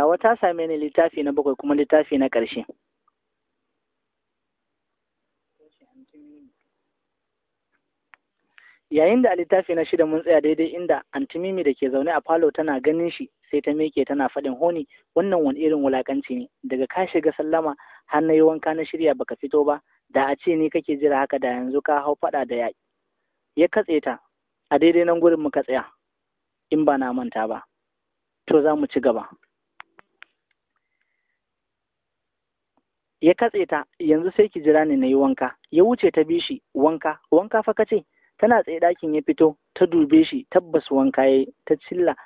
tawa ta same ni littafi na bakwai kuma littafi na ƙarshe yayin da a littafi na shida mun tsaya daidai inda antimimi da ke zaune a falo tana ganin shi sai ta meke tana faɗin honi wannan wani irin wulaƙanci ne daga ka shiga sallama har na yi wanka na shirya baka fito ba da a ce ni kake jira haka da yanzu ka hau faɗa da yaƙi ya katse ta a daidai nan gurin muka tsaya in ba na manta ba to za mu ci gaba ya katse ta yanzu sai ki jira ni na yi wanka ya wuce ta bi shi wanka wanka fa kace tana tsaye ɗakin ya fito ta dube shi tabbas wanka ya ta cilla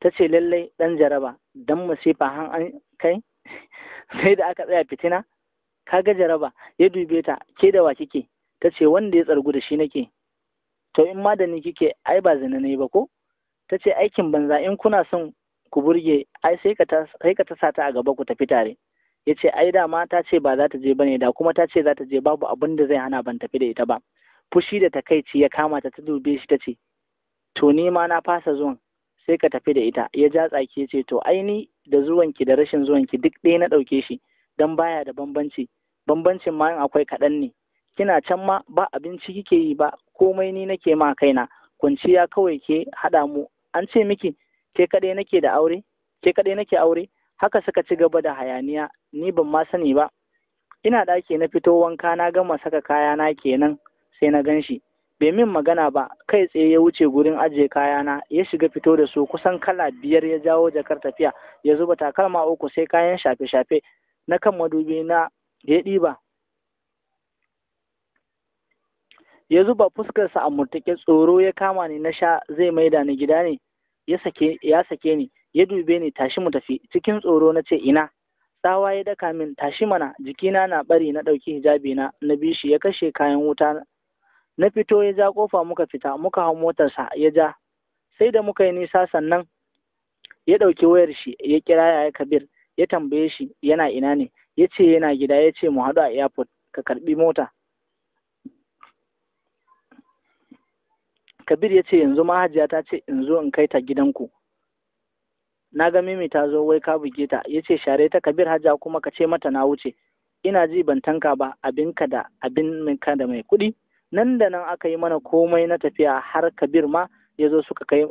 ta ce lallai ɗan jaraba dan masifa han an kai sai da aka tsaya fitina kaga jaraba ya dube ta ke da wa kike ta ce wanda ya tsargu da shi nake to in ma da ni kike ai ba zina ne ba ko ta ce aikin banza in kuna son ku burge ai sai ka ta sa ta a gaba ku tafi tare ya ce ai da ma ta ce ba za ta je bane da kuma ta ce za ta je babu abin da zai hana ban tafi da ita ba fushi da takaici ya kama ta ta dube shi ta ce to ni ma na fasa zuwan sai ka tafi da ita ya ja tsaki ya ce to ai ni da zuwanki da rashin zuwanki duk ɗaya na ɗauke shi don baya da bambanci bambancin ma in akwai kaɗan ne kina can ma ba abinci kike yi ba komai ni nake ma kaina kwanciya kawai ke haɗa mu an ce miki ke kaɗai nake da aure ke kaɗai nake aure haka suka ci gaba da hayaniya ni ban ma sani ba ina ɗaki na fito wanka na gama saka kayana kenan sai na gan shi bai min magana ba kai tsaye ya wuce gurin ajiye kayana ya shiga fito da su kusan kala biyar ya jawo jakar tafiya ya zuba takalma uku sai kayan shafe-shafe na kan madubi na ya ɗiba ya zuba fuskarsa a murtuke tsoro ya kama ni na sha zai maida ni gida ne ya sake ni ya dube ni tashi mu tafi cikin tsoro na ce ina tsawa ya daka min tashi mana jikina na bari na ɗauki hijabi na na bi shi ya kashe kayan wuta na fito ya ja kofa muka fita muka hau motarsa ya ja sai da muka yi nisa sannan ya ɗauki wayar shi ya kira yaya kabir ya tambaye shi yana ina ne ya ce yana gida ya ce mu haɗu a airport ka karbi mota kabir ya ce yanzu mahajiya ta ce in zo in kai ta gidanku na ga mimi ta zo wai ka buge ta yace share ta kabir hajja kuma ka ce mata na wuce ina ji ban tanka ba abinka da abin ka da mai kuɗi nan da nan aka yi mana komai na tafiya har kabir ma ya zo suka kai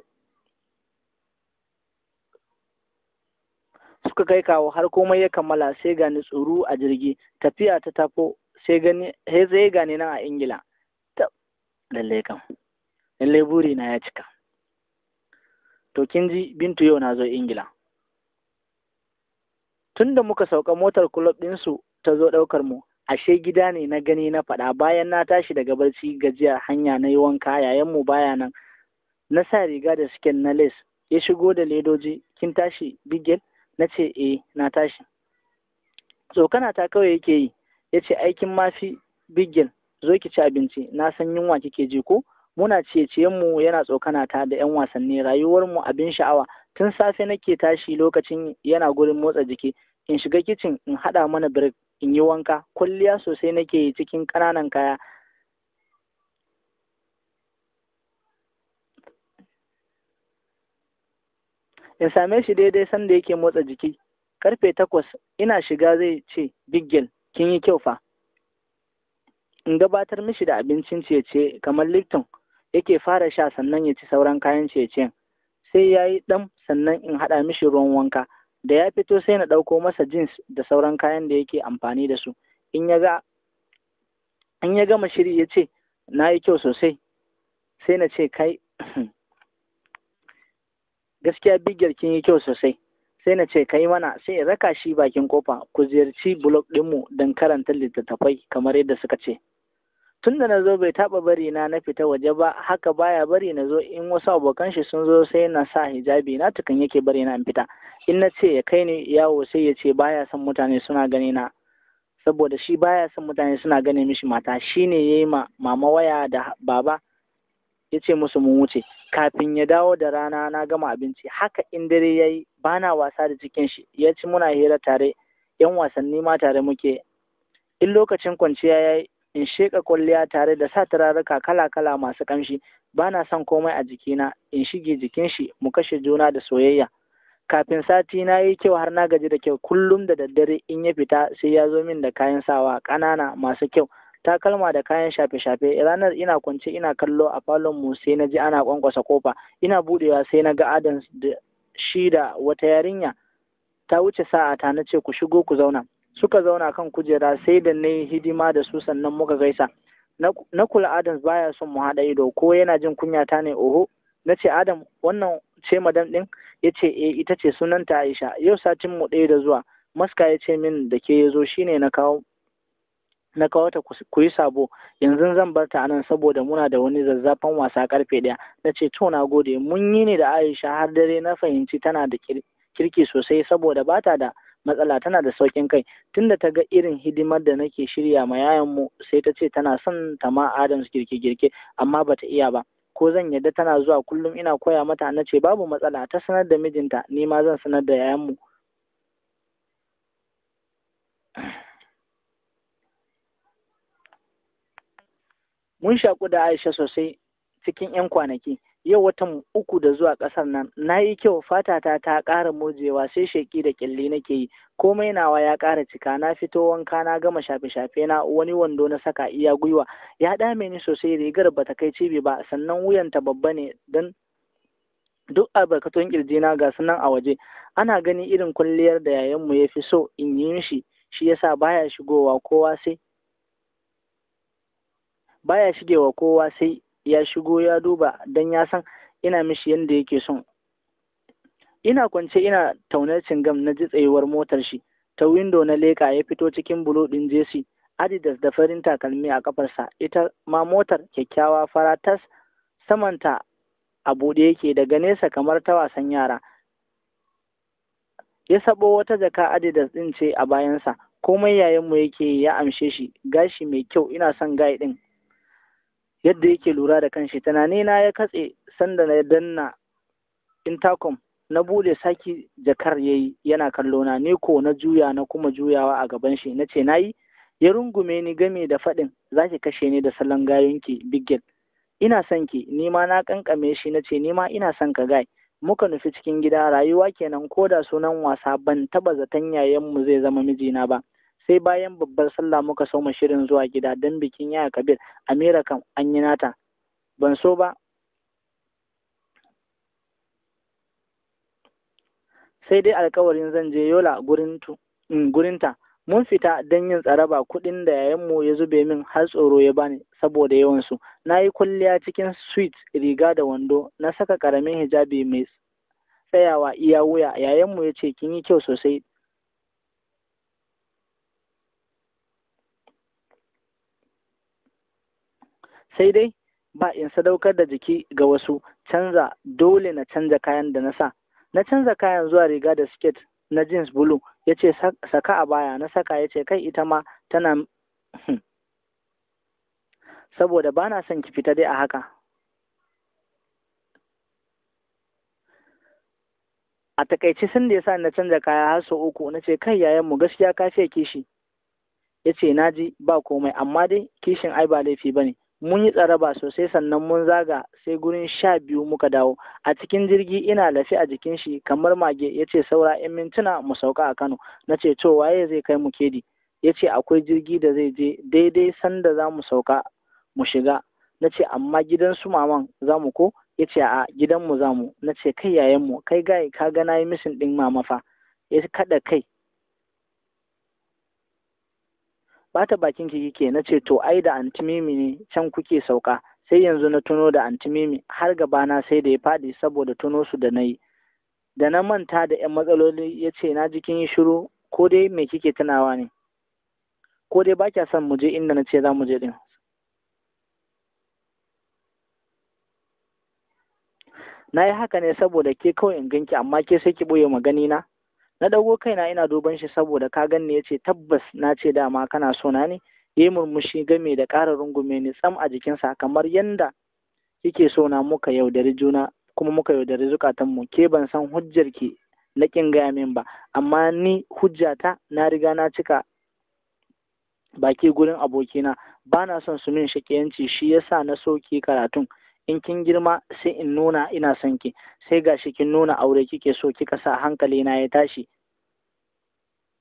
suka kai kawo har komai ya kammala sai gani tsoro a jirgi tafiya ta tafo sai gani sai gane nan a ingila lallai kam lallai buri na ya cika to kin ji bintu yau na zo ingila tun da muka sauka motar kulob ɗinsu ta zo ɗaukar mu ashe gida ne na gani na faɗa bayan na tashi daga barci gajiya hanya na yi wanka yayan mu baya nan na sa riga da siken na les ya shigo da ledoji kin tashi bigel na ce eh na tashi tsokana ta kawai yake yi ya ce aikin mafi bigel zo ki ci abinci na san yunwa kike ji ko muna mu yana tsokana ta da 'yan wasanni rayuwarmu abin sha'awa tun safe nake tashi lokacin yana gurin motsa jiki in shiga kicin in haɗa mana birk in yi wanka Kulliya sosai nake cikin ƙananan kaya in same shi daidai sanda yake motsa jiki karfe takwas ina shiga zai ce big kin yi kyau fa in gabatar mishi da abincin ciye-ciye kamar Lipton yake fara sha sannan ya ci sauran kayan cecen sai ya yi ɗan sannan in haɗa mishi ruwan wanka da ya fito sai na ɗauko masa jins da sauran kayan da yake amfani da su in ya ga in ya gama shiri ya ce na yi kyau sosai sai na ce kai gaskiya bigiyar kin yi kyau sosai sai na ce kai mana sai raka shi bakin kofa ku ziyarci blog ɗinmu don karanta littattafai kamar yadda suka ce tun da na zo bai taɓa bari na na fita waje ba haka baya bari na zo in wasu abokan shi sun zo sai na sa hijabi na tukan yake bari na in fita in na ce ya kai ni yawo sai ya ce baya son mutane suna gani na saboda shi baya son mutane suna gane mishi mata shi ya yayi ma mama waya da baba ya ce musu mun wuce kafin ya dawo da rana na gama abinci haka in dare ya yi ba na wasa da cikin shi ya ci muna hira tare yan wasanni ma tare muke in lokacin kwanciya ya yi in sheƙa kwalliya tare da sa turaruka kala-kala masu ƙamshi ba na son komai a jikina in shige jikin shi mu kashe juna da soyayya kafin sati na yi kyau har na gaji da kyau kullum da daddare in ya fita sai ya zo min da kayan sawa ƙanana masu kyau takalma da kayan shafe-shafe ranar ina kwance ina kallo a falon mu sai na ji ana kwankwasa kofa ina budewa sai na ga adan da shi da wata yarinya ta wuce sa'a ta na ku shigo ku zauna suka zauna kan kujera sai da na yi hidima da su sannan muka gaisa na kula adam baya son mu haɗa ido ko yana jin kunya ta ne oho na ce adam wannan ce madam ɗin ya ce e ita ce sunanta aisha yau satin mu ɗaya da zuwa maska ya ce min da ke ya zo shine na kawo na kawo ta ku yi sabo yanzu zan bar ta anan saboda muna da wani zazzafan wasa karfe ɗaya na ce to na gode mun yi ne da aisha har dare na fahimci tana da kirki sosai saboda bata da matsala tana da sauƙin kai tunda ta ga irin hidimar da nake shirya ma yayan mu sai ta ce tana son ta ma Adams girke-girke amma bata iya ba ko zan yadda tana zuwa kullum ina koya mata na ce babu matsala ta sanar da mijinta ni ma zan sanar da yayan mu mun shaƙu da Aisha sosai cikin 'yan kwanaki yau watan uku da zuwa ƙasar nan na yi kyau fatata ta ƙara murjewa sai sheƙi da ƙyalli nake yi komai nawa ya ƙara cika na fito wanka na gama shafe-shafe na wani wando na saka iya gwiwa ya dame ni sosai rigar bata kai cibi ba sannan wuyanta babba ne don duk albarkatun na ga sunan a waje ana gani irin kwalliyar da yayanmu ya fi so in yi mishi shi yasa baya shigowa kowa sai baya shigewa kowa sai ya shigo ya duba don ya san ina mishi yadda yake son ina kwance ina taunar cingam na ji tsayuwar motar shi ta windo na leka ya fito cikin bulo din jesi adidas da farin takalmi a kafarsa ita ma motar kyakkyawa fara tas samanta a buɗe yake daga nesa kamar ta wasan yara ya sabo wata jaka adidas ɗin ce a bayansa komai yayinmu yake ya amshe shi gashi mai kyau ina son gai ɗin yadda yake lura da kanshi tunani na ya katse sanda na danna intercom na bude saki jakar yayi yana kallo na ne ko na juya na kuma juyawa a gaban shi nace nayi ya rungume ni game da faɗin zaki kashe ni da salon gayonki big ina son ki ni ma na kankame shi nace ni ma ina son ka gai muka nufi cikin gida rayuwa kenan ko da sunan wasa ban taba zaton yayan mu zai zama mijina ba sai bayan babbar sallah muka soma shirin zuwa gida don bikin yaya kabir amira kam an yi nata ban so ba sai dai alkawarin zan je yola mm, gurinta mun fita don yin tsaraba kuɗin da yayanmu ya zube min har tsoro ya bani saboda yawansu na yi kwalliya cikin sweet riga da wando na saka karamin hijabi mai tsayawa iya wuya yayanmu ya ce kin yi kyau sosai sai dai ba in sadaukar da jiki ga wasu canza dole na canza kayan da na sa na canza kayan zuwa riga da siket na jeans bulu, ya ce saka a baya na saka ya ce kai ita ma tana saboda ba na son ki fita dai a haka a takaici sun da ya sa na canza kaya har sau uku na ce kai yayan mu gaskiya ka fiye kishi ya ce na ji ba komai amma dai kishin ai ba laifi ba ne mun yi tsaraba sosai sannan mun zaga sai gurin sha biyu muka dawo a cikin jirgi ina lafi a jikin shi kamar mage ya ce saura yan mintuna mu sauka a kano na ce to waye zai kai mu kedi ya ce akwai jirgi da zai je daidai sanda za mu sauka mu shiga na ce amma gidan su maman za mu ko ya ce a gidan za mu na ce kai 'ya'yanmu kai gai ka ga na yi misin ɗin mama fa ya kaɗa kai bata bakin ki kike na ce to ai da antimimi ne can kuke sauka sai yanzu na tuno da antimimi har gaba na sai da ya fadi saboda tuno su da nayi da na manta da yan matsaloli ya ce na jikin yi shiru ko dai me kike tunawa ne ko dai ba kya son mu je inda na ce za mu je din na yi haka ne saboda ke kawai in ganki amma ke sai ki ɓoye magani na na dago kaina ina duban shi saboda ka ganni ya ce tabbas na ce dama kana sona na ne yi murmushi game da ƙara rungume ni tsam a jikinsa kamar yanda kike so na muka yaudari juna kuma muka yaudari zukatanmu ke ban san hujjar ki na ƙin gaya min ba amma ni hujjata na riga na cika baki gurin abokina ba na son su min shakiyanci shi yasa na soke karatun in kin girma sai in nuna ina son ki sai gashi kin nuna aure kike so kika sa hankali na ya tashi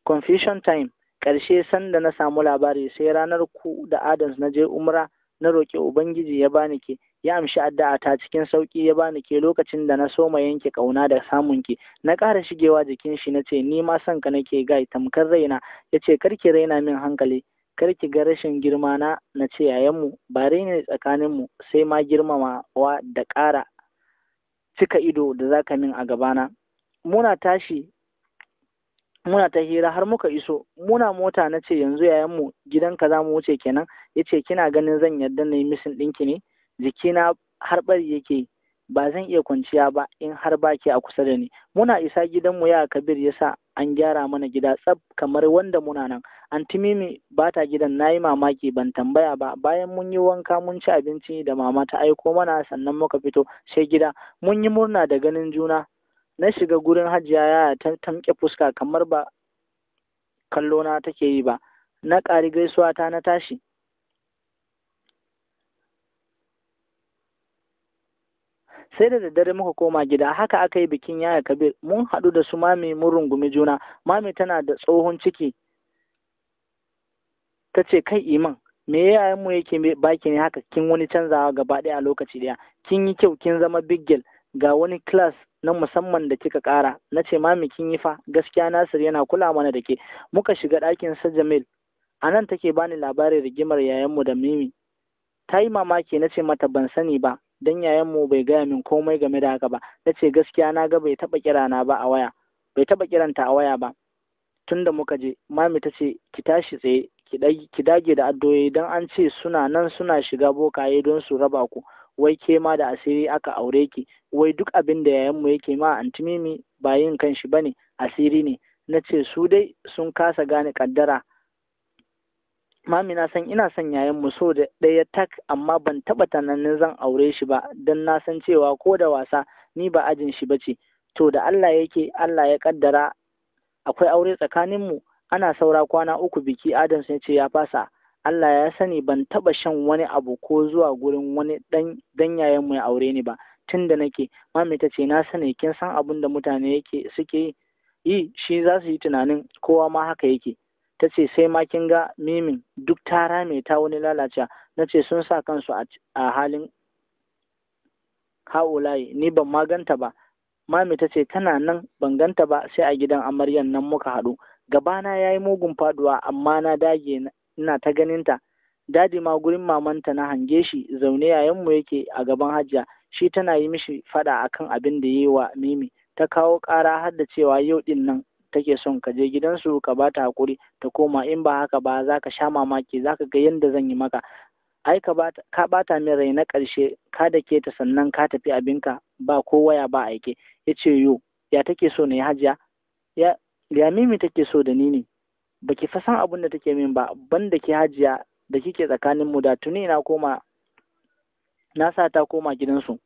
confusion time ƙarshe sanda na samu labari sai ranar ku da adams na je umra na roƙi ubangiji ya bani ke ya amshi addu'a ta cikin sauƙi ya bani ke lokacin da na soma yanke ƙauna da samun ki na ƙara shigewa jikin shi na ce ni ma son ka nake gai tamkar raina ya ce karki raina min hankali kar ki ga rashin girma na na ce yayanmu ba ne tsakaninmu sai ma girmamawa da ƙara cika ido da zaka min a gabana muna tashi muna ta hira har muka iso muna mota na ce yanzu yayanmu gidanka za mu wuce kenan ya ce kina ganin zan yarda na yi misin ɗinki ne jikina har ɓari yake ba zan iya kwanciya ba in har baki a kusa da ni muna isa gidanmu ya kabir ya sa an gyara mana gida tsab kamar wanda muna nan anti timimi ba ta gidan na yi mamaki ban tambaya ba bayan mun yi wanka mun ci abinci da mama ta aiko mana sannan muka fito sai gida mun yi murna da ganin juna na shiga gurin hajiya ya ta tamke fuska kamar ba kallona take yi ba na ƙari gaisuwa ta na tashi sai da daddare muka koma gida haka aka yi bikin yaya kabir mun haɗu da su mami mun rungumi juna mami tana da tsohon ciki ta ce kai iman me yayan mu yake baki ne haka kin wani canzawa gaba ɗaya a lokaci ɗaya kin yi kyau kin zama biggel ga wani class na musamman da kika ƙara na ce mami kin yi fa gaskiya nasir yana kula mana da ke muka shiga ɗakin sa jamil a nan take bani labarin rigimar yayanmu da mimi ta yi mamaki na ce mata ban sani ba dan yayan mu bai gaya min komai game da haka ba ce gaskiya na ga bai taba kira na ba a waya bai taba kiranta a waya ba tunda muka je mami ta ce ki tashi tsaye ki dage da addoyi dan an ce suna nan suna shiga bokaye don su raba ku wai ke ma da asiri aka aure ki wai duk abin da yayanmu yake ma antimimi ba yin kanshi bane asiri ne na ce su dai sun kasa gane kaddara mami na san ina son yayan mu so da ɗaya tak amma ban taɓa tananin zan aure shi ba don na san cewa ko da wasa ni ba ajin shi ba ce. to da Allah yake Allah ya kaddara akwai aure tsakanin mu ana saura kwana uku biki adam ya ce ya fasa Allah ya sani ban taɓa shan wani abu ko zuwa gurin wani dan dan yayan mu ya aure ni ba tun da nake mami ta ce na sani kin san abin da mutane yake suke yi shi za su yi tunanin kowa ma haka yake ta ce sai ma kin ga mimin duk ta rame ta wani lalacewa na ce sun sa kansu a halin ha'ulayi ni ban maganta ba mami ta ce tana nan ban ganta ba sai a gidan amaryan nan muka haɗu gabana ya yi mugun faduwa amma na dage ina ta ganinta dadi ma gurin mamanta na hange shi zaune yayanmu yake a gaban hajiya shi tana yi mishi fada akan abin da yi wa mimi ta kawo ƙara har da cewa yau din nan kake son ka je gidansu ka ba ta hakuri ta koma in ba haka ba za ka sha mamaki za ka ga yadda zan yi maka ai ka bata min rai na ƙarshe ka da ke ta sannan ka tafi abinka ba ko waya ba aike ya ce yo ya take so na yi hajiya ya ya mimi take so da ni ne baki fa san abin da take min ba banda ke hajiya da kike tsakanin mu da tuni na koma na sa ta koma gidansu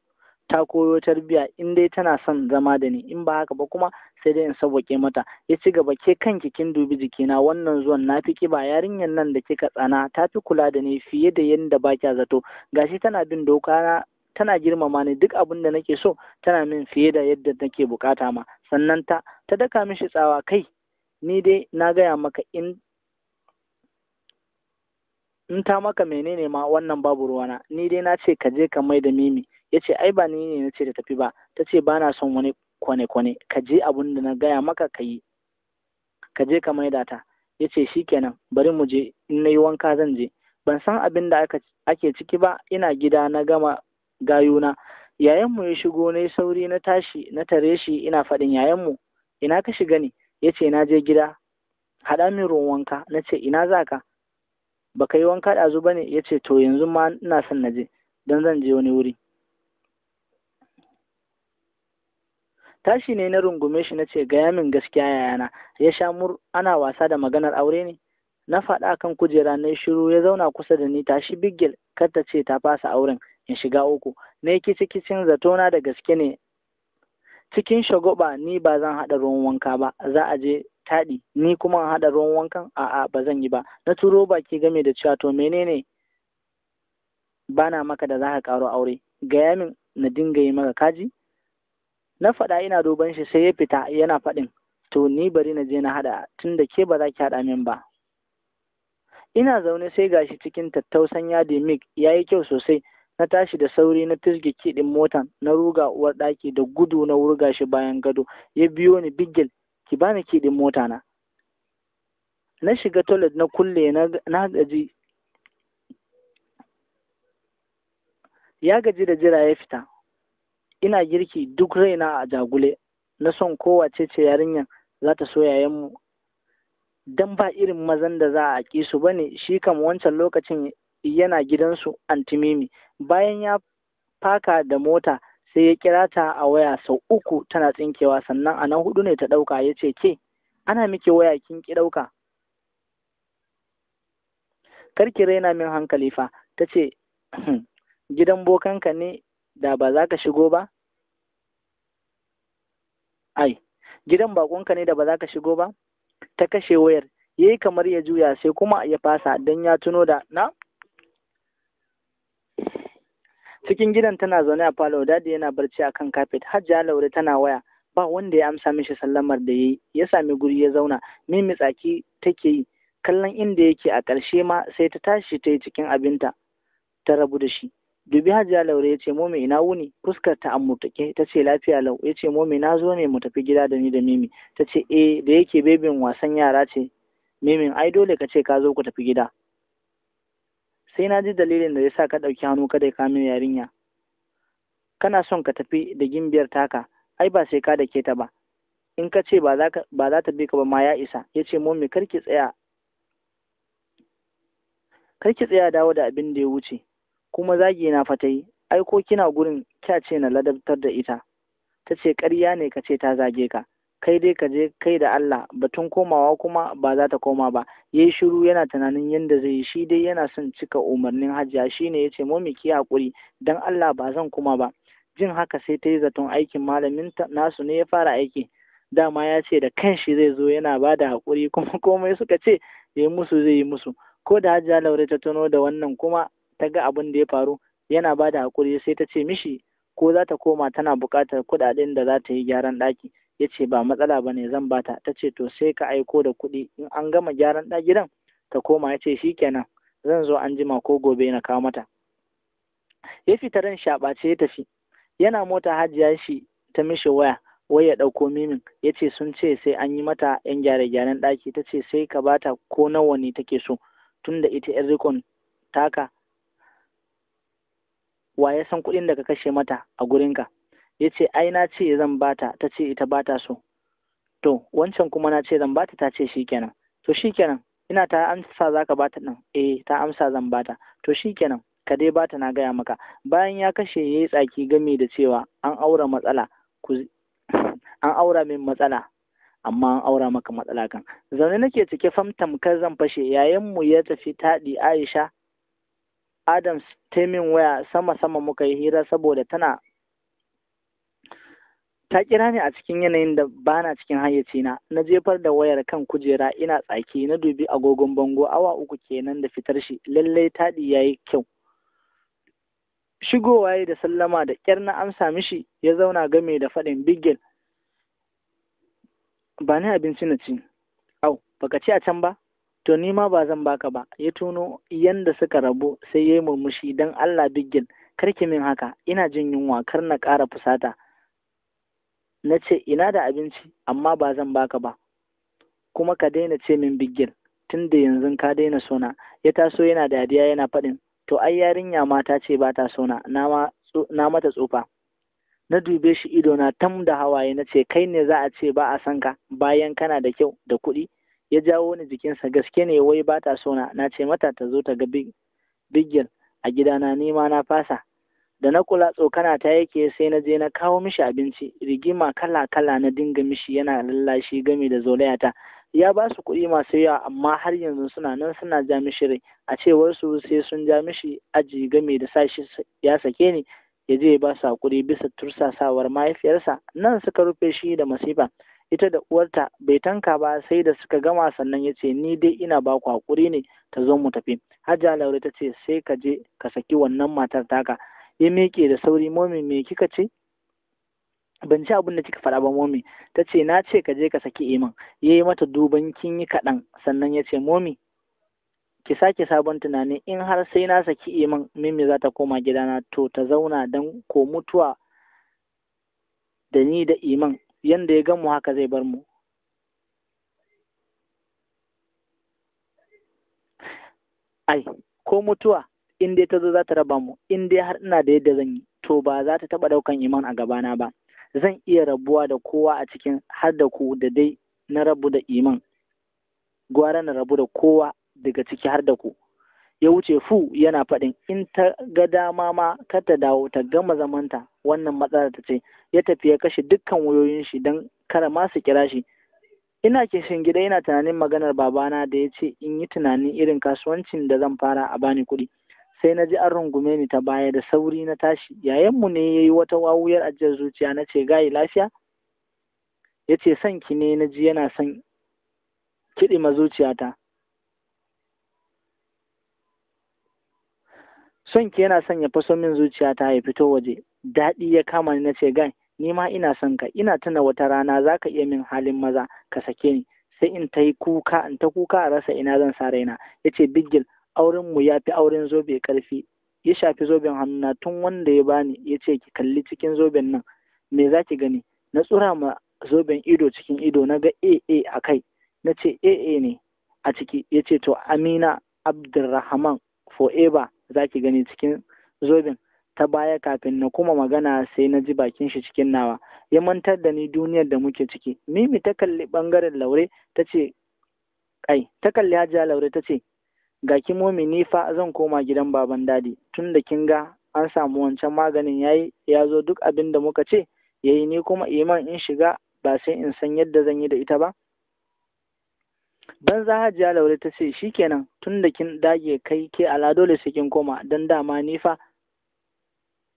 ta koyo tarbiyya in dai tana son zama da ni in ba haka ba kuma sai dai in sauwaƙe mata ya ci gaba ke kanki kin dubi jikina wannan zuwan na fi kiba yarinyar nan da kika tsana ta fi kula da ni fiye da yadda ba kya zato gashi tana bin doka na tana girmama ni duk abin da nake so tana min fiye da yadda nake bukata ma sannan ta ta daka mishi tsawa kai ni dai na gaya maka in in ta maka menene ma wannan babu ruwana ni dai na ce ka je ka mai da mimi ya ce ai ba ni ne na ce ta tafi ba ta ce ba na son wani kwane-kwane ka je abin da na gaya maka ka yi ka je ka maida ta ya ce shi kenan bari mu je in na yi wanka zan je ban san abin da ake ciki ba ina gida na gama gayuna yayanmu ya shigo na sauri na tashi na tare shi ina faɗin yayanmu ina ka shiga ne ya ce na je gida haɗa min ruwan wanka na ce ina za ka ba ka yi wanka ɗazu ba ne ya ce to yanzu ma ina son na je don zan je wani wuri tashi ne na rungume shi na ce gaya min gaskiya yayana ya sha mur ana wasa da maganar aure ne na faɗa kan kujera na shiru ya zauna kusa da ni tashi bigil kar ta ce ta fasa auren in shiga uku yi kici kicin zatona da gaske ne cikin shagoba ni ba zan haɗa ruwan wanka ba za a je taɗi ni kuma haɗa ruwan wankan a'a ba zan yi ba na turo baki game da cewa to menene bana maka da za ka ƙaro aure gaya min na dinga yi maka kaji na faɗa ina duban shi sai ya fita yana faɗin to ni bari na je na haɗa tunda ke ba za ki haɗa min ba ina zaune sai gashi cikin tattausan yadi mig ya yi kyau sosai na tashi da sauri na tusge kiɗin motan na ruga uwar ɗaki da gudu na wurga shi bayan gado ya biyo ni bigil ki bani kiɗin mota na na shiga toilet na kulle na gaji ya gaji da jira ya fita ina girki duk raina a jagule na son kowace ce yarinyar za ta so yayanmu dan ba irin mazan da za a ƙi su ne, shi kam wancan lokacin yana gidansu antimimi bayan ya faka da mota sai ya kira ta a waya sau uku tana tsinkewa sannan a nan hudu ne ta ɗauka ya ce ke ana miki waya kin ki ɗauka karki raina min hankali fa ta ce gidan bokanka ne da ba za ka shigo ba? Ai, gidan bakonka ne da ba za ka shigo ba? Ta kashe wayar, ya yi kamar ya juya sai kuma ya fasa don ya tuno da na? Cikin gidan tana zaune a falo, dadi yana barci a kan kafet, ya laure tana waya, ba wanda ya amsa mishi sallamar da ya yi, ya sami guri ya zauna, mimi tsaki take yi, kallon inda yake a ƙarshe ma sai ta tashi ta yi cikin abinta, ta rabu da shi. dubi ya laure ya ce mome ina wuni fuskar ta an mutake ta ce lafiya lau ya ce mome na zo ne mu tafi gida da ni da mimi ta ce eh da yake bebin wasan yara ce mimin ai dole ka ce ka zo ku tafi gida sai na ji dalilin da ya sa ka ɗauki hannu kada ka min yarinya kana son ka tafi da gimbiyar taka ai ba sai ka da ke ta ba in ka ce ba za ta bi ka ba ma ya isa ya ce mome kar ki tsaya kar ki tsaya dawo da abin da ya wuce kuma zagi na fa yi ai kina gurin kya ce na ladabtar da ita ta ce ƙarya ne ka ce ta zage ka kai dai ka je kai da Allah batun komawa kuma ba za ta koma ba ya yi shiru yana tunanin yadda zai yi shi dai yana son cika umarnin hajiya shi ne ya ce momi ki haƙuri don Allah ba zan kuma ba jin haka sai ta yi zaton aikin malamin nasu ne ya fara aiki dama ya ce da kanshi zai zo yana ba da haƙuri kuma komai suka ce ya yi musu zai yi musu ko da hajiya laure ta tuno da wannan kuma ta ga abin da ya faru yana ba da haƙuri sai ta ce mishi ko za ta koma tana buƙatar kuɗaɗen da za ta yi gyaran ɗaki ya ce ba matsala ba ne zan bata ta ce to sai ka aiko da kuɗi in an gama gyaran ɗaki gidan ta koma ya ce shi kenan, zan zo an jima ko gobe na kawo mata ya fita ran shaɓace ya tafi yana mota hajiya shi ta mishi waya wai ya ɗauko mimin ya ce sun ce sai an yi mata yan gyare-gyaren ɗaki ta ce sai ka bata ko nawa ne take so tunda ita yan rikon taka wa ya san kuɗin da ka kashe mata a gurinka ya ce ai na ce zan bata ta ce ita bata so to wancan kuma na ce zan bata ta ce shi kenan. to shi kenan ina ta amsa za ka bata nan. eh ta amsa zan bata to shi kenan ka dai bata na gaya maka bayan ya kashe ya yi tsaki game da cewa an aura matsala an aura min matsala amma an aura maka matsala kan zaune nake cike fam kar zan fashe yayin mu ya tafi taɗi Aisha Adams ta min waya sama-sama muka yi hira saboda tana ta kira ni a cikin yanayin da ba na cikin hayyacina na jefar da wayar kan kujera ina tsaki na dubi agogon bango awa uku kenan da fitar shi lallai taɗi ya yi kyau shigowa ya da sallama da ƙyar na amsa mishi ya zauna game da faɗin bigel ba ni abinci na ci au baka ci a can ba to ni ma ba zan baka ba ya tuno yanda suka rabu sai ya yi murmushi 'Dan allah biggin karki min haka ina jin yunwa kar na ƙara fusata na ce ina da abinci amma ba zan baka ba kuma ka daina ce min bigil tun da yanzu ka daina sona ya taso yana dadiya yana faɗin to ai yarinya ma ta ce ba ta sona na mata tsufa na dube shi ido na tam da hawaye na ce kai ne za a ce ba a san ka bayan kana da kyau da kuɗi ya jawo ni jikinsa gaske ne wai ba ta sona. na ce mata ta zo ta ga bigil a gidana nima na fasa da na kula tsokana ta yake sai na je na kawo mishi abinci rigima kala kala na dinga mishi yana lallashi gami da zolayata ya ba su kuɗi masu yawa amma har yanzu suna nan suna ja mishi rai a cewar su sai sun ja mishi aji game da sashi ya sake ni ya je ba su hakuri bisa tursasawar mahaifiyarsa nan suka rufe shi da masifa ita da uwarta bai tanka ba sai da suka gama sannan ya ce ni dai ina ba ku hakuri ne ta zo mu tafi hajja laure ta ce sai ka je ka saki wannan matar taka ya miƙe da sauri momi me kika ce ban ci abin da kika faɗa ba momi ta ce na ce ka je ka saki iman ya yi mata duban kin yi kaɗan sannan ya ce momi ki sake sabon tunani in har sai na saki iman mimi za ta koma gidana to ta zauna don ko mutuwa da ni da iman yanda ya gan mu haka zai bar mu ai ko mutuwa in dai ta zo za ta raba mu in dai har ina da yadda zan yi to ba za ta taɓa ɗaukan iman a gabana ba zan iya rabuwa da kowa a cikin har da ku da dai na rabu da iman gwara na rabu da kowa daga ciki har da ku ya wuce fu yana faɗin in ta ga dama ma kar ta dawo ta gama zamanta wannan matsalar ta ce ya tafi ya kashe dukkan wayoyin shi don kara ma su kira shi ina kishin gida yana tunanin maganar babana da ya ce in yi tunanin irin kasuwancin da zan fara a bani kuɗi sai na ji an rungume ni ta baya da sauri na tashi mu ne ya yi wata wawuyar ajiyar zuciya na ce gayi lafiya ya ce son ki ne na ji yana son kiɗima zuciyata son ki yana son ya faso min zuciya ta ya fito waje daɗi ya kama ni na ce, gai ni ma ina son ka ina tuna wata rana za ka iya min halin maza ka sake ni sai in ta yi kuka in ta kuka a rasa ina zan sa raina ya ce bigil auren mu ya fi auren zobe karfi ya shafi zoben hannuna tun wanda ya bani ya ce ki kalli cikin zoben nan me za ki gani na tsura ma zoben ido cikin ido na ga aa a kai na ce aa ne a ciki ya ce to amina abdulrahman forever za ki gani cikin zobin ta baya kafin na kuma magana sai na ji bakin shi cikin nawa ya mantar da ni duniyar da muke ciki mimi ta kalli bangaren laure ta ce ai ta kalli hajiya laure ta ce ga ki momi ni fa zan koma gidan baban dadi tun da kin ga an samu wancan maganin yayi ya zo duk abin da muka ce yayi ni kuma iman in shiga ba sai in san yadda zan yi da ita ba za hajiya laure ta ce shikenan tun da kin dage kai ke ala dole sai kin koma don dama ni fa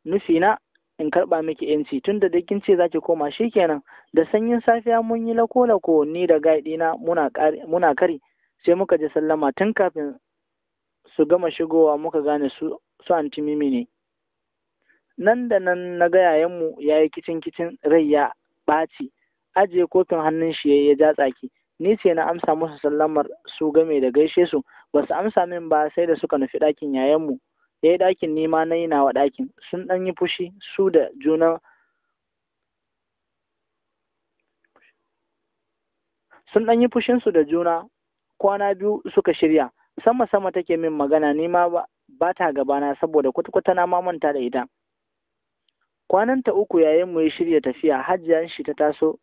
nufi na in karba miki yanci tun da dai kin ce zaki koma shi kenan, da sanyin safiya mun yi lako lako ni da gaidi na muna kari sai muka ji sallama tun kafin su gama shigowa muka gane su su antimimi ne nan da nan na ga yayanmu ya yi kicin kicin rai ya ɓaci ajiye kofin hannun shi ya ja tsaki ni ce na amsa musu sallamar su game da gaishe su ba su amsa min ba sai da suka nufi ɗakin yayanmu ya eh, yi ɗakin nima na yi nawa ɗakin sun ɗan yi fushi su da juna sun ɗan yi fushinsu da juna kwana biyu suka shirya sama sama take min magana nima ba ba ta gabana saboda kwatkwata na manta da ita kwananta uku yayin mu ya shirya tafiya hajjiyan shi ta taso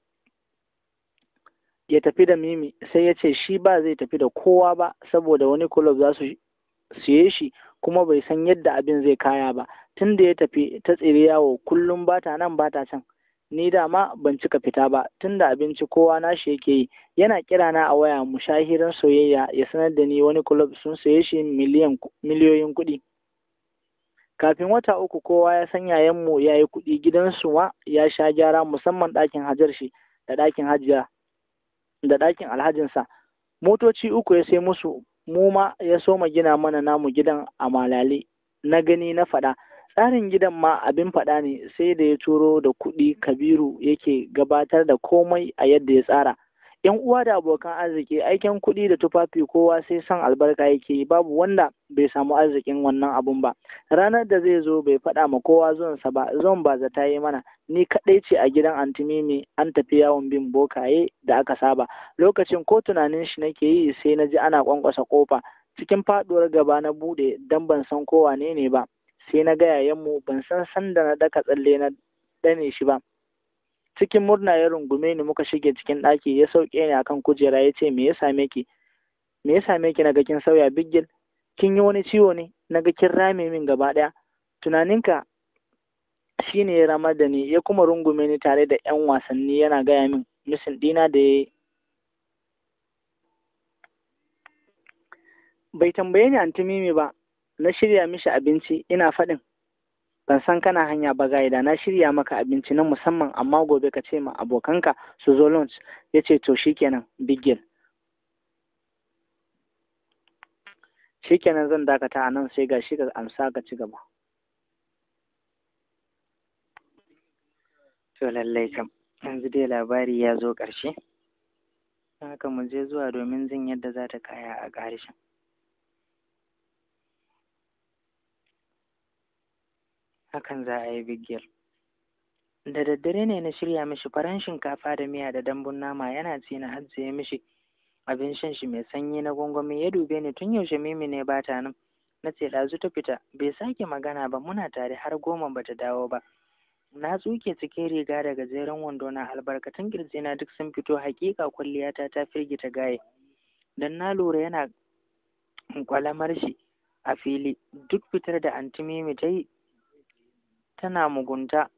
ya tafi da mimi sai ya ce shi ba zai tafi da kowa ba saboda wani kulob za su siye shi kuma bai san yadda abin zai kaya ba tun da ya tafi ta tsiri yawo kullum bata nan bata can ni dama ban cika fita ba tun da abinci kowa na shi yake yi yana kira na a waya mu shahiran soyayya ya sanar da ni wani kulob sun siye shi miliyoyin kuɗi kafin wata uku kowa ya san yayan ya yi kuɗi gidansu ma ya sha gyara musamman ɗakin hajar shi da ɗakin hajiya da ɗakin alhajinsa motoci uku ya sai musu mu ma ya soma gina mana namu gidan a malale na gani na faɗa tsarin gidan ma abin faɗa ne sai da ya turo da kuɗi kabiru yake gabatar da komai a yadda ya tsara yan uwa da abokan arziki aikin kuɗi da tufafi kowa sai san albarka yake yi babu wanda bai samu arzikin wannan abun ba ranar da zai zo bai faɗa ma kowa zuwansa ba zuwan ba zata yi mana ni kaɗai ce a gidan antimimi an tafi yawon bin bokaye da aka saba lokacin ko tunanin shi nake yi sai na ji ana kwankwasa kofa cikin faɗuwar gaba na buɗe dan ban san kowa ne ne ba sai na ga yayanmu ban san sanda na daka tsalle na dane shi ba cikin murna ya rungume ni muka shige cikin ɗaki ya sauke ni akan kujera ya ce me ya same ki me ya same ki naga kin sauya bigil kin yi wani ciwo ne naga kin rame min gaba ɗaya tunaninka shine ya ramar da ni ya kuma rungume ni tare da yan wasanni yana gaya min misin ɗina da ya bai tambaye ni antimimi ba na shirya mishi abinci ina faɗin ban san kana hanya ba ga na shirya maka abinci na musamman amma gobe ka ce ma abokanka su zo lunch ya ce to shikenan big deal shikenan zan dakata a nan sai ga shi ka amsa ka ci gaba to lallai kam yanzu dai labari ya zo ƙarshe haka mu je zuwa domin jin yadda za ta kaya a ƙarshen hakan za a yi bigil da daddare ne na shirya mishi faran shinkafa da miya da dambun nama yana ci na ajiye mishi abin shan shi mai sanyi na gwangwami ya dube ni tun yaushe mimi ne ba ta nan na ce ɗazu ta fita bai sake magana ba muna tare har goma ba ta dawo ba na tsuke cikin riga da gajeren wando na albarkatun na duk sun fito hakika kwalliyata ta firgita gaye don na lura yana kwalamar shi a fili duk fitar da antimimi ta yi tana mugunta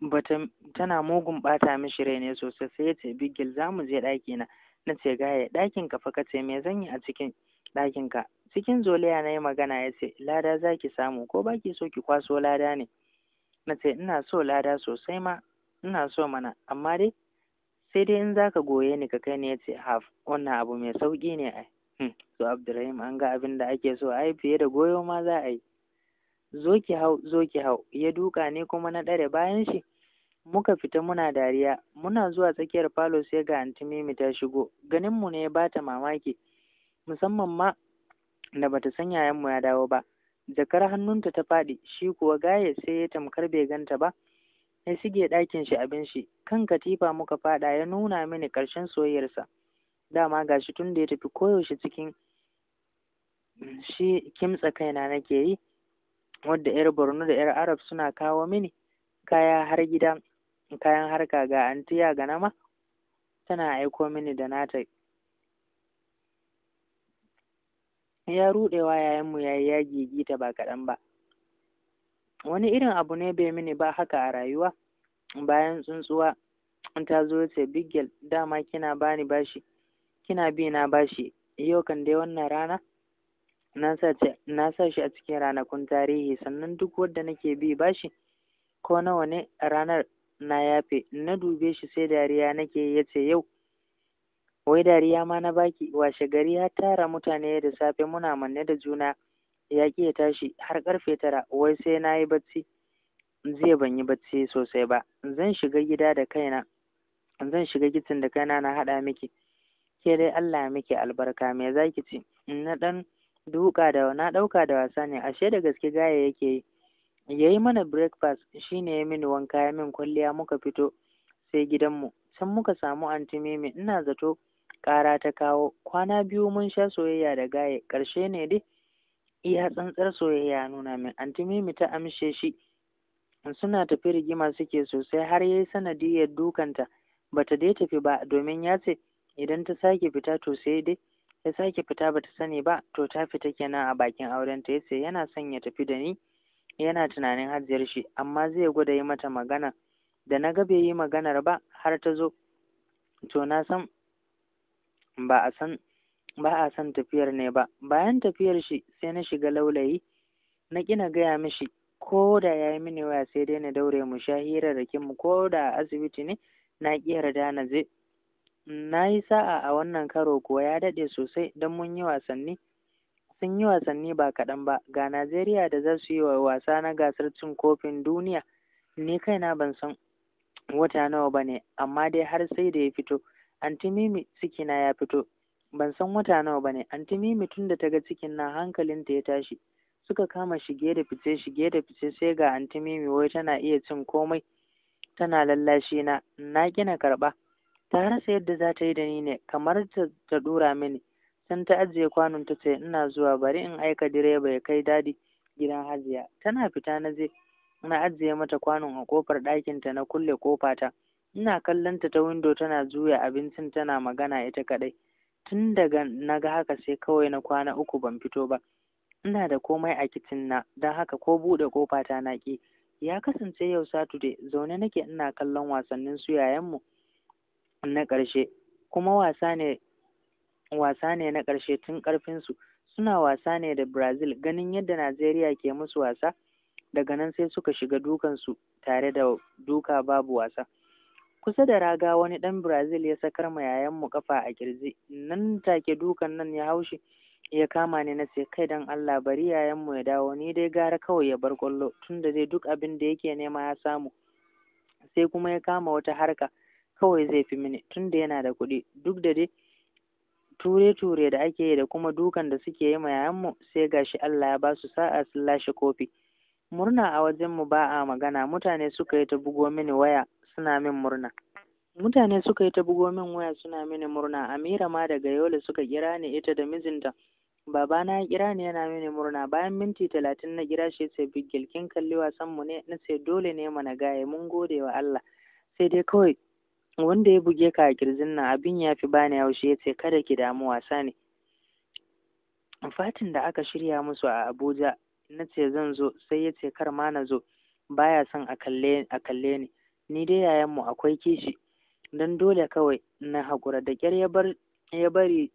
bata tana mugun ɓata mishi rai ne sosai sai ta bigil za mu je ɗaki na na ce gaya ɗakin ka fa ka ce me zan yi a cikin ɗakin ka cikin zoliya na yi magana ya ce lada za ki samu ko ba ki so ki kwaso lada ne na ce ina so lada sosai ma ina so mana amma dai sai dai in zaka goye ni ka kai ne ya ce haf wannan abu mai sauƙi ne ai hmm, to abdurrahim an ga abin da ake so ai fiye da goyo ma za a yi zo ki hau zo ki hau ya duka ne kuma na ɗare bayan shi muka fita muna dariya muna zuwa tsakiyar falo sai ga anti mimi ta shigo ganin mu ne ya bata mamaki musamman ma da bata san yayan mu ya dawo ba jakar hannunta ta faɗi shi kuwa gaye sai ya tamkar bai ganta ba ya shige ɗakin shi abin shi kan katifa muka faɗa ya nuna mini ƙarshen soyayyarsa dama gashi tun da ya tafi koyaushe cikin shi kimtsa kaina nake yi wadda 'yar borno da 'yar arab suna kawo mini kaya har gida kayan harka ga antiya ga nama tana aiko mini da nata ya ruɗewa yayanmu ya yi ya gigita ba kaɗan ba wani irin abu ne bai mini ba haka a rayuwa bayan tsuntsuwa ta zo ce 'Bigel' dama kina bani bashi kina bi na bashi yau kan dai wannan rana na sa shi a cikin ranakun tarihi sannan duk wanda nake bi bashi ko nawa ne ranar na yafe na dube shi sai dariya nake ya ce yau wai dariya ma na baki washe gari har tara mutane da safe muna manne da juna ya ki ya tashi har karfe tara wai sai na yi bacci zai ban yi bacci sosai ba zan shiga gida da kaina zan shiga kitin da kaina na haɗa miki ke dai Allah miki albarka me zaki ci na ɗan duka da na ɗauka da wasa ne ashe da gaske gaya yake yi yayi mana breakfast shine ya mini wanka ya min kwalliya muka fito sai gidanmu can muka samu anti mimi ina zato kara ta kawo kwana biyu mun sha soyayya da gaye Karshe ne dai iya tsantsar soyayya nuna min anti mimi ta amshe shi suna tafi rigima suke sosai har yayi sanadiyar dukanta bata dai tafi ba domin ya ce idan ta sake fita to sai dai ya sake fita bata sani ba to ta fita kenan a bakin auren ta yace yana son ya tafi da ni yana tunanin hajiyar shi amma zai gwada yi mata magana da na ga bai yi maganar ba har ta zo to na san ba a san ba a san tafiyar ne ba bayan tafiyar shi sai na shiga laulayi na kina gaya mishi ko da ya yi mini waya sai dai na daure mu sha rakin mu ko da asibiti ne na ƙi yarda na je na yi sa'a a wannan karo kuwa ya daɗe sosai don mun yi wasanni sun yi wasanni ba kaɗan ba ga najeriya da za su yi wa wasa na gasar cin kofin duniya ni kaina ban san wata nawa ba ne amma dai har sai da ya fito antimimi cikina ya fito ban san wata nawa ba ne antimimi tun da ta ga cikin nan hankalinta ya tashi suka kama shige da fice shige da fice sai ga antimimi wai tana iya cin komai tana lallashi na na kina karɓa ta rasa yadda za ta yi da ni ne kamar ta dura mini can ta ajiye kwanon ta ce ina zuwa bari in aika direba ya kai dadi gidan hajiya tana fita na je na ajiye mata kwanon a kofar ɗakin ta na kulle kofa ta ina kallon ta ta windo tana juya abincin tana magana ita kaɗai tun daga na ga haka sai kawai na kwana uku ban fito ba ina da komai a kicin na don haka ko buɗe kofa ta na ki ya kasance yau satude, zaune nake ina kallon wasannin su yayan mu na ƙarshe kuma wasa ne wasa ne na ƙarshe tun ƙarfinsu suna wasa ne da brazil ganin yadda najeriya ke musu wasa daga nan sai suka shiga dukansu tare da duka babu wasa kusa da raga wani ɗan brazil ya sakar ma yayanmu ƙafa a kirji nan take dukan nan ya haushi ya kama ne na ce kai dan allah bari yayanmu ya dawo ni dai gara kawai ya bar kwallo tunda dai duk abin da yake nema ya samu sai kuma ya kama wata harka kawai zai fi mini tunda yana da kuɗi duk da dai ture-ture da ake yi da kuma dukan da suke yi ma yayanmu sai gashi Allah ya ba su sa'a sun lashe kofi murna a wajenmu ba a magana mutane suka yi ta bugo mini waya suna min murna mutane suka yi ta bugo min waya suna mini murna amira ma daga yola suka kira ni ita da mijinta babana ya kira ni yana mini murna bayan minti talatin na kira shi sai bigil kin kalli wasanmu ne na sai dole ne mana gaye mun gode wa Allah sai dai kawai wanda ya buge ka a kirjin nan abin ya fi bani haushi ya ce kada ki damu wasa ne fatin da aka shirya musu a abuja na ce zan zo sai ya ce kar ma na zo baya son a kalle ni ni dai yayanmu akwai kishi don dole kawai na haƙura da kyar ya bari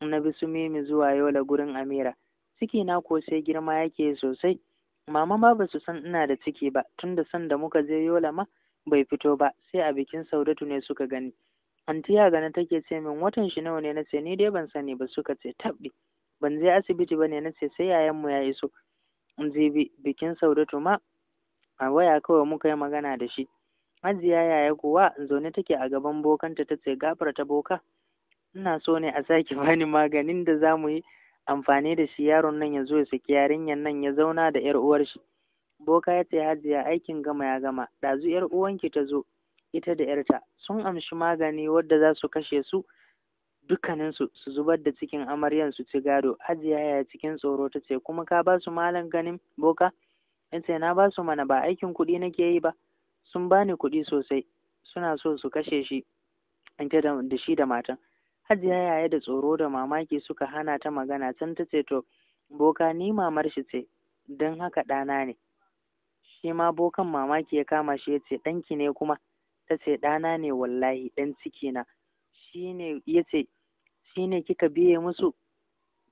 na bi su mimi zuwa yola gurin amira ciki na ko sai girma yake sosai mama ma ba su san ina da ciki ba tunda sanda muka je yola ma bai fito ba sai a bikin saudatu ne suka gani anti ya gana take ce min watan shi nawa ne nace ni dai ban sani ba suka ce tabbi ban je asibiti ba ne nace sai yayan mu ya iso je bikin saudatu ma a waya kawai muka yi magana da shi Hajiya yaya kuwa zaune take a gaban bokanta ta ce gafar ta boka ina so ne a sake bani maganin da za yi amfani da shi yaron nan ya zo ya saki yarinyar nan ya zauna da yar uwar shi boka ya ce hajiya aikin gama ya gama ɗazu yar uwanki ta zo ita da yarta sun amshi magani wadda za su kashe su dukkaninsu su zubar da cikin amaryan su ci gado hajiya ya cikin tsoro ta ce kuma ka ba su malam ganin boka in ce na ba su mana ba aikin kuɗi nake yi ba sun bani kuɗi sosai suna so su kashe shi ita da shi da matan hajiya ya yi da tsoro da mamaki suka hana ta magana can ta ce to boka ni mamar shi ce don haka ɗana ne shi ma bokan mamaki ya kama shi ya ce ɗanki ne kuma ta ce ɗana ne wallahi ɗan ciki na shi ne ya ce shi ne kika biye musu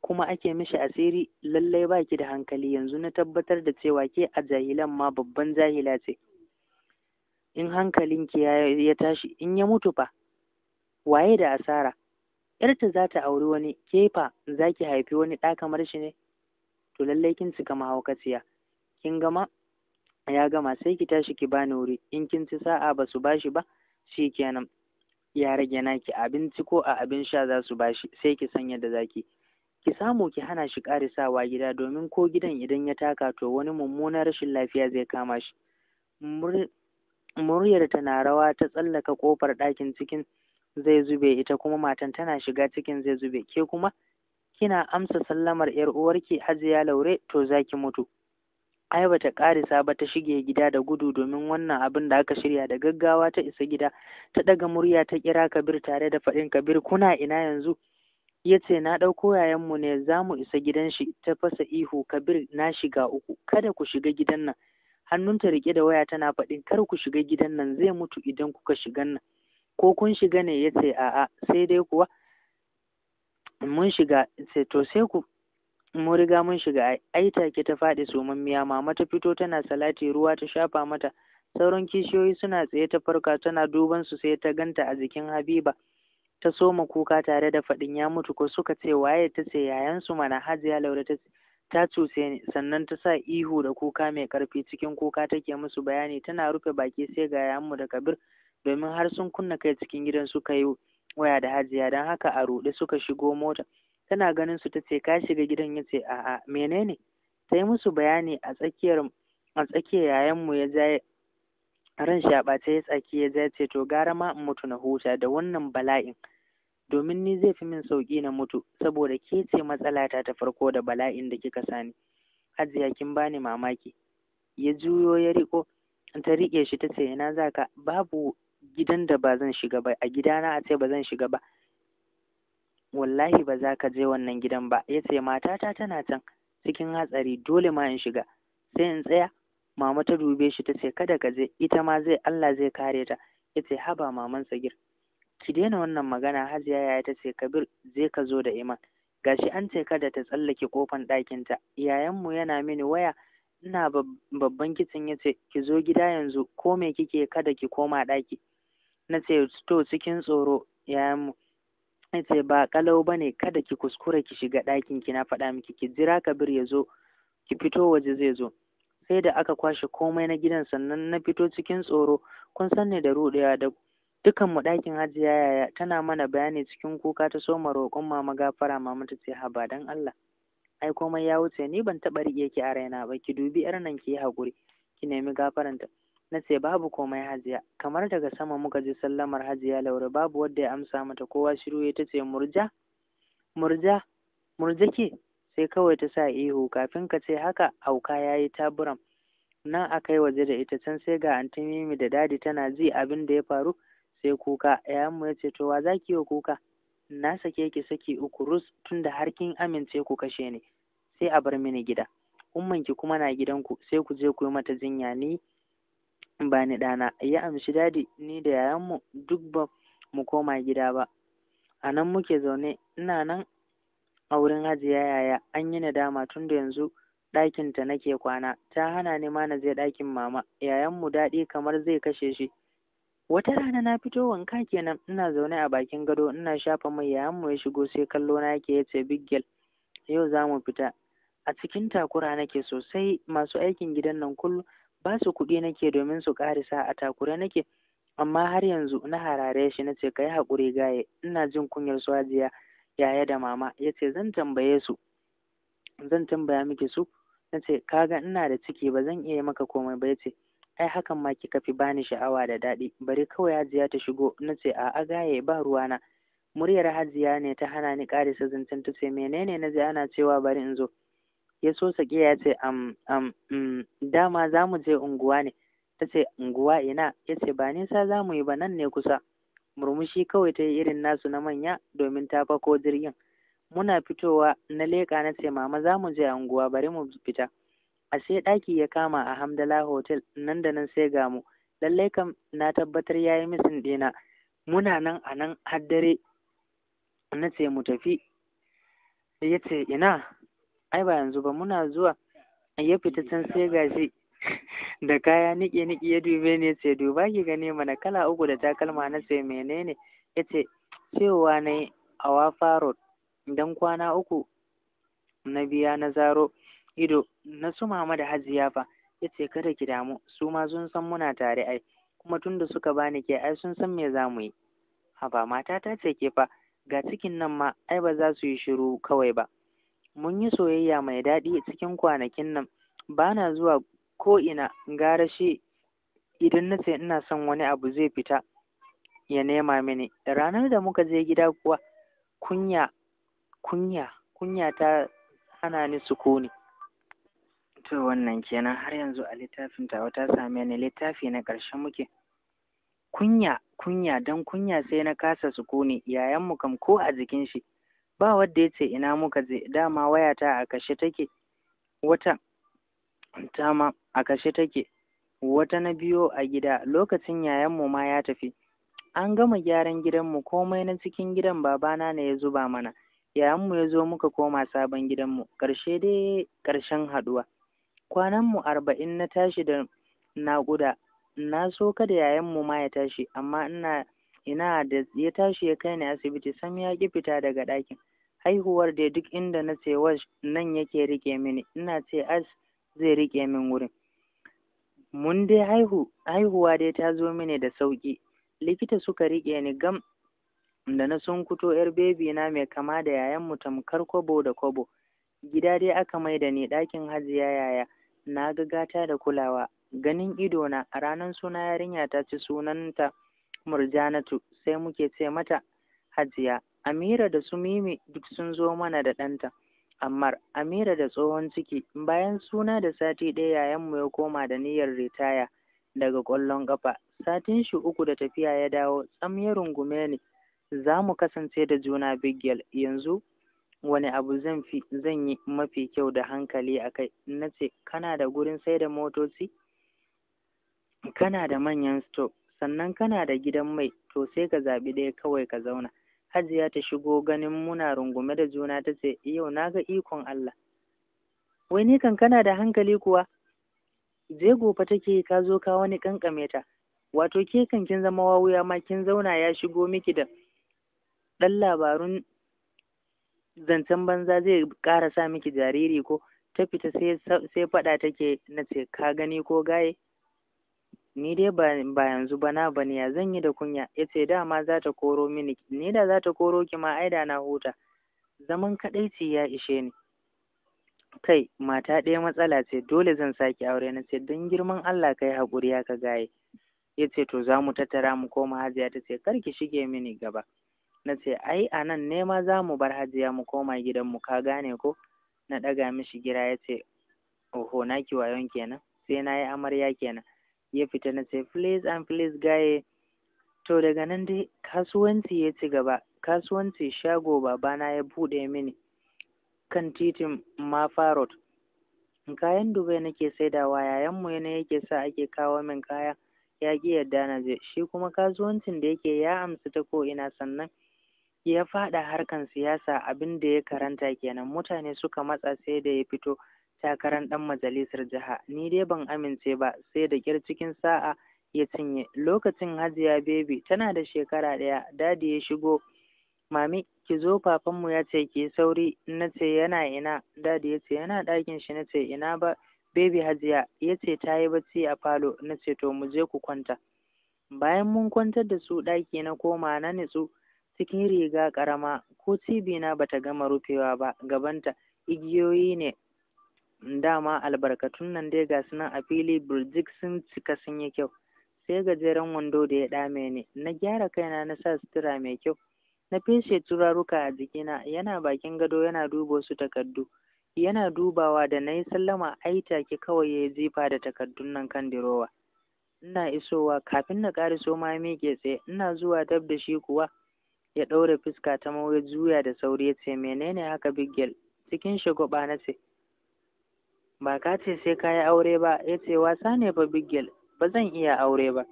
kuma ake mishi asiri lallai ba ki da hankali yanzu na tabbatar da cewa ke a jahilan ma babban jahila ce in hankalinki ya tashi in ya mutu fa waye da asara ƴarta za ta auri wani kefa za ki haifi wani ɗa kamar shi ne to lallai kin cika mahaukaciya kin gama ya gama sai ki tashi ki bani wuri in kin ci sa'a ba su bashi ba shi kenan ya rage naki abinci ko a abin sha za su bashi sai ki san yadda zaki ki samu ki hana shi ƙarisawa gida domin ko gidan idan ya taka to wani mummunar rashin lafiya zai kama shi muryar tana rawa ta tsallaka kofar ɗakin cikin zai zube ita kuma matan tana shiga cikin zai zube ke kuma kina amsa sallamar yar uwarki hajiya laure to zaki mutu ai bata ƙarisa ba ta shige gida da gudu domin wannan abin da aka shirya da gaggawa ta isa gida ta ɗaga murya ta kira kabir tare da faɗin kabir kuna ina yanzu ya ce na ɗauko yayanmu ne za mu isa gidan shi ta fasa ihu kabir na shiga uku kada ku shiga gidan nan hannunta riƙe da waya tana faɗin kar ku shiga gidan nan zai mutu idan kuka shiga nan ko kun shiga ne ya ce a'a sai dai kuwa mun shiga sai to sai ku mun riga mun shiga ai take ta faɗi somammiya mama ta fito tana salati ruwa ta shafa mata sauran kishiyoyi suna tsaye ta farka tana duban su sai ta ganta a jikin habiba ta soma kuka tare da faɗin ya mutu ko suka ce waye ta ce yayan su mana hajiya laura ta ce ni sannan ta sa ihu da kuka mai karfi cikin kuka take musu bayani tana rufe baki sai ga yayanmu da kabir domin har sun kunna kai cikin gidan suka yi waya da hajiya don haka a ruɗe suka shigo mota tana ganin su tace ka shiga gidan yace a'a menene ta yi musu bayani a tsakiyar a tsakiyar yayan mu ya zai ran shi a bace ya tsaki ya zai ce to gara ma in mutu na huta da wannan bala'in domin ni zai fi min sauki na mutu saboda ke ce matsala ta farko da bala'in da kika sani hajiya kin bani mamaki ya juyo ya riko ta riƙe shi ta ce ina za babu gidan da ba zan shiga ba a gidana a ce ba zan shiga ba wallahi ba za ka je wannan gidan ba ya ce matata tana can cikin hatsari dole ma in shiga sai in tsaya mama ta dube shi ta ce kada ka je ita ma zai Allah zai kare ta ya ce haba maman sagir ki daina wannan magana hajiya yaya ta ce kabir zai ka zo da iman gashi an ce kada ta tsallake kofan ɗakin ɗakinta yayanmu yana mini waya ina babban kitchen ya ce ki zo gida yanzu ko me kike kada ki koma ɗaki na ce to cikin tsoro yayanmu ya ce ba kalau ba ne kada ki kuskura ki shiga ɗakin ki na faɗa miki ki jira kabir ya zo ki fito waje zai zo sai da aka kwashe komai na gidan sannan na fito cikin tsoro kun san ne da ruɗewa da dukan mu ɗakin hajiya yaya tana mana bayani cikin kuka ta soma roƙon mama gafara mama ta ce haba dan Allah ai komai ya wuce ni ban taɓa riƙe ki a raina ba ki dubi 'yar nan ki yi haƙuri ki nemi gafaranta na ce babu komai hajiya kamar daga sama muka ji sallamar hajiya laure babu wanda ya amsa mata kowa shiru ya tace murja murja murja ke sai kawai ta sa ihu kafin ka ce haka hauka ya yi taburam nan a kai waje da ita can sai ga anti mimi da dadi tana ji abin da ya faru sai kuka yayanmu ya ce to wa za ki yi kuka na sake ki saki uku rus tunda har kin amince ku kashe ni sai a bar mini gida ummanki kuma na gidanku sai ku je ku yi mata jinya ni ba ni ɗana ya amshi dadi ni da yayanmu duk ba mu koma gida ba a nan muke zaune ina nan a wurin hajiya yaya an yi nadama tun da yanzu ɗakinta nake kwana ta hana ni ma na je ɗakin mama yayanmu daɗi kamar zai kashe shi wata rana na fito wanka kenan ina zaune a bakin gado ina shafa mai yayanmu ya shigo sai kallo na yake ya ce biggel yau za mu fita a cikin takura nake sosai masu aikin gidan nan kullum ba su kuɗi nake domin su ƙarisa a takure nake amma har yanzu na harare shi na ce ka yi haƙuri gaye ina jin kunyar su hajiya yaya da mama ya ce zan tambaye su zan tambaya miki su na ce kaga ina da ciki ba zan iya maka komai ba ya ce ai hakan ma kika fi bani sha'awa da daɗi bari kawai hajiya ta shigo na ce a'a gaye ba ruwana muryar hajiya ne ta hana ni ƙarisa zancen ta ce menene na ji ana cewa bari in zo ya so sake ya ce am am mm, dama za mu je unguwa ne ta ce unguwa ina ya ce ba nisa za mu yi ba nan ne kusa murmushi kawai ta yi irin nasu na manya domin ta fako jirgin muna fitowa na leƙa na ce mama za mu je unguwa bari mu fita sai ɗaki ya kama a hamdala hotel nan da nan sai ga mu lallai kam na tabbatar ya yi misin ɗina muna nan a nan har dare na ce mu tafi ya ce ina ai ba yanzu ba muna zuwa ya fita can sai gashi da kaya nike nike ya dube ne sai duba ki gane mana kala uku da takalma na sai menene ya ce cewa na yi a wafa road dan kwana uku na biya na zaro ido na su mama da hajiya fa ya ce kada ki damu su ma sun san muna tare ai kuma tunda suka bani ke ai sun san me za mu yi haba mata ta ce ke fa ga cikin nan ma ai ba za su yi shiru kawai ba mun yi soyayya mai daɗi cikin kwanakin nan ba na zuwa ko ina gara shi idan na ce ina son wani abu zai fita ya nema mini ranar da muka je gida kuwa kunya kunya kunya ta hana ni sukuni to wannan kenan har yanzu a littafin tawa ta same ni littafi na ƙarshe muke kunya kunya don kunya sai na kasa sukuni mu kam ko a jikin shi ba wadda ya ce ina muka je dama wayata a kashe take wata tama a kashe take wata na biyo a gida lokacin yayanmu ma ya tafi an gama gyaran gidanmu komai na cikin gidan babana ne ya zuba mana yayanmu ya zo muka koma sabon gidanmu ƙarshe dai ƙarshen haɗuwa kwananmu arba'in na tashi da naƙuda na so kada yayanmu ma ya tashi amma ina ina da ya tashi ya kai ni asibiti sam ya ƙi fita daga ɗakin haihuwar dai duk inda na ce wash nan yake rike mini ina ce as zai riƙe min wurin mun dai haihu haihuwa dai ta zo mini da sauki likita suka riƙe ni gam da na sunkuto yar bebi na mai kama da yayan mu tamkar kobo da kobo gida dai aka mai da ni ɗakin hajiya yaya na ga gata da kulawa ganin ido na a ranar suna yarinya ta ci sunanta murjanatu sai muke ce mata hajiya Amira da sumimi duk sun zo mana da ɗanta. Ammar, Amira da tsohon ciki, bayan suna da sati ɗaya yayanmu ya koma da niyyar ritaya daga ƙwallon ƙafa. Satin shi uku da tafiya ya dawo, tsam ya rungume ni. Za mu kasance da juna Bigel yanzu wani abu zan fi zan yi mafi kyau da hankali a kai. Na ce, kana da gurin sai da motoci? Kana da manyan sto, sannan kana da gidan mai, to sai ka zaɓi ɗaya kawai ka zauna. Hajiya ta shigo ganin muna rungume da juna ta ce, Yau na ga ikon Allah. Wai ni kankana da hankali kuwa? Je gofa take ka zo ka wani kankame ta. Wato ke kan kin zama wawuya ma kin zauna ya shigo miki da ɗan labarun zancen banza zai ƙara sa miki jariri ko ta fita sai faɗa take na ce ka gani ko gaye ni dai ba yanzu ba bana ba ya zan yi da kunya ya ce dama za ta koro mini ni da za ta koro ki ma aida na huta zaman kadaici ya ishe ni kai mata ɗaya matsala ce dole zan sake aure na ce don girman Allah kai haƙuri ya ka gaye ya ce to za mu tattara mu koma hajiya ta ce kar ki shige mini gaba na ce ai a nan ne ma za mu bar hajiya mu koma mu ka gane ko na ɗaga mishi gira ya ce oho naki wayon kenan sai na yi amarya kenan ya fita na ce please and please gaye to daga nan dai kasuwanci ya ci gaba kasuwanci shago babana ya buɗe mini kan titin mafarot kayan dubai nake saidawa yayan mu ne yake sa ake kawo min kaya ya ki yarda na je shi kuma kasuwancin da yake ya amsa ta ko ina sannan ya faɗa harkan siyasa abin da ya karanta kenan mutane suka matsa sai da ya fito takarar ɗan majalisar jiha ni dai ban amince ba sai da kyar cikin sa'a ya cinye lokacin hajiya bebi tana da shekara ɗaya dadi ya shigo mami ki zo papanmu ya ce ki sauri na ce yana ina dadi ya ce yana ɗakin shi na ce ina ba bebi hajiya ya ce ta yi bacci a falo na ce to mu je ku kwanta bayan mun kwantar da su ɗaki na koma na nitsu cikin riga ƙarama ko cibi na bata gama rufewa ba gabanta igiyoyi ne dama albarkatun nan dai ga nan a fili burjik sun cika sun yi kyau sai gajeren wando da ya dame ni na gyara kaina na sa sutura mai kyau na fishe turaruka a jikina yana bakin gado yana duba wasu takardu yana dubawa da na yi sallama ai take kawai ya jifa da takardun nan kan dirowa ina isowa kafin na so ma miƙe tsaye ina zuwa dab da shi kuwa ya ɗaure fuska ta mawuyar juya da sauri ya ce menene haka Bigel? cikin shagwaba na ce ba ka ce sai ka yi aure ba ya ce wasa ne ba bigel ba zan iya aure ba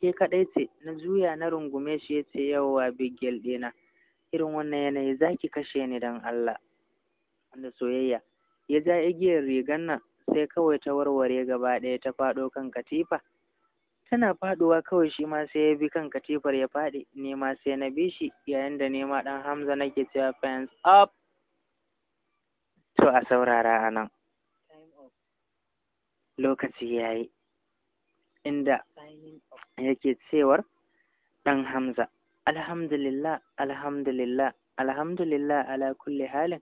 ke kaɗai ce na juya na rungume shi ya ce yawwa bigel ɗina irin wannan yanayi za ki kashe ni don Allah da soyayya ya ja igiyar rigar nan sai kawai ta warware gaba ɗaya ta faɗo kan katifa tana faɗuwa kawai shi ma sai ya bi kan katifar ya faɗi ni ma sai na bi shi yayin da ni ma ɗan hamza nake cewa fans up to a saurara a nan lokaci ya yi inda yake cewar ɗan hamza alhamdulillah alhamdulillah alhamdulillah ala kulli halin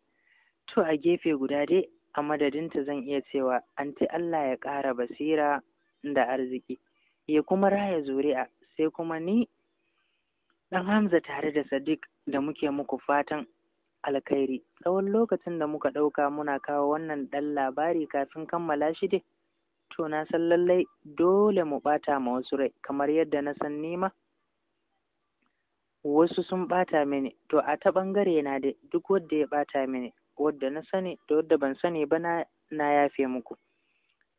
to a gefe guda dai a madadinta zan iya cewa an anti Allah ya ƙara basira da arziki ya kuma raya zuri'a sai kuma ni ɗan hamza tare da sadiq da muke muku fatan alkhairi tsawon lokacin da muka ɗauka muna kawo wannan ɗan labari kafin kammala shi dai to na san lallai dole mu bata ma wasu rai kamar yadda na san nima wasu sun bata mini to a ta bangare na dai duk wanda ya bata mini wadda na sani da wadda ban sani ba na, na yafe muku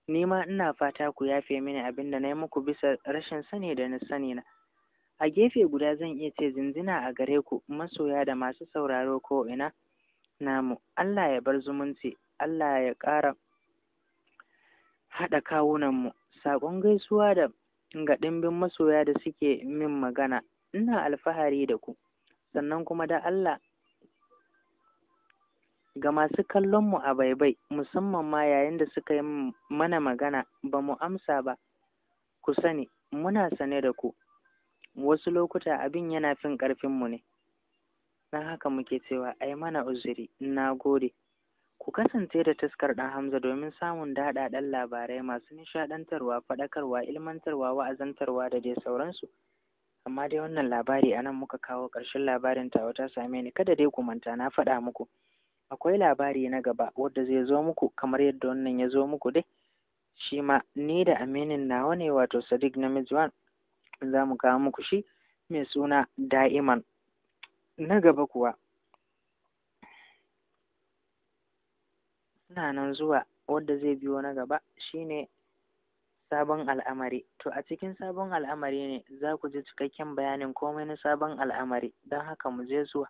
nima ina fata ku yafe mini abin da na yi muku bisa rashin sani da na sani na a gefe guda zan iya ce zinzina a gare ku masoya da masu sauraro ko ina namu Allah ya bar zumunci Allah ya ƙara haɗa kawunanmu saƙon gaisuwa da ga ɗimbin masoya da suke min magana ina alfahari da ku sannan kuma da Allah ga masu kallonmu a baibai musamman ma yayin da suka yi mana magana ba mu amsa ba ku sani muna sane da ku wasu lokuta abin yana fin ƙarfinmu ne na haka muke cewa ai mana uzuri na gode Ku kasance da taskar ɗan Hamza domin samun daɗaɗɗen labarai masu nishaɗantarwa, faɗakarwa, ilmantarwa, wa'azantarwa da dai sauransu. Amma dai wannan labari a nan muka kawo ƙarshen labarin tawa ta same ni kada dai ku manta na faɗa muku. Akwai labari na gaba wanda zai zo muku kamar yadda wannan ya zo muku dai. Shi ma ni da aminin nawa ne wato Sadiq namiji wan? za mu kawo muku shi mai suna Da'iman. Na gaba kuwa suna nan zuwa wadda zai biyo na gaba shine sabon al'amari to a cikin sabon al'amari ne za ku ji cikakken bayanin komai na sabon al'amari don haka mu je zuwa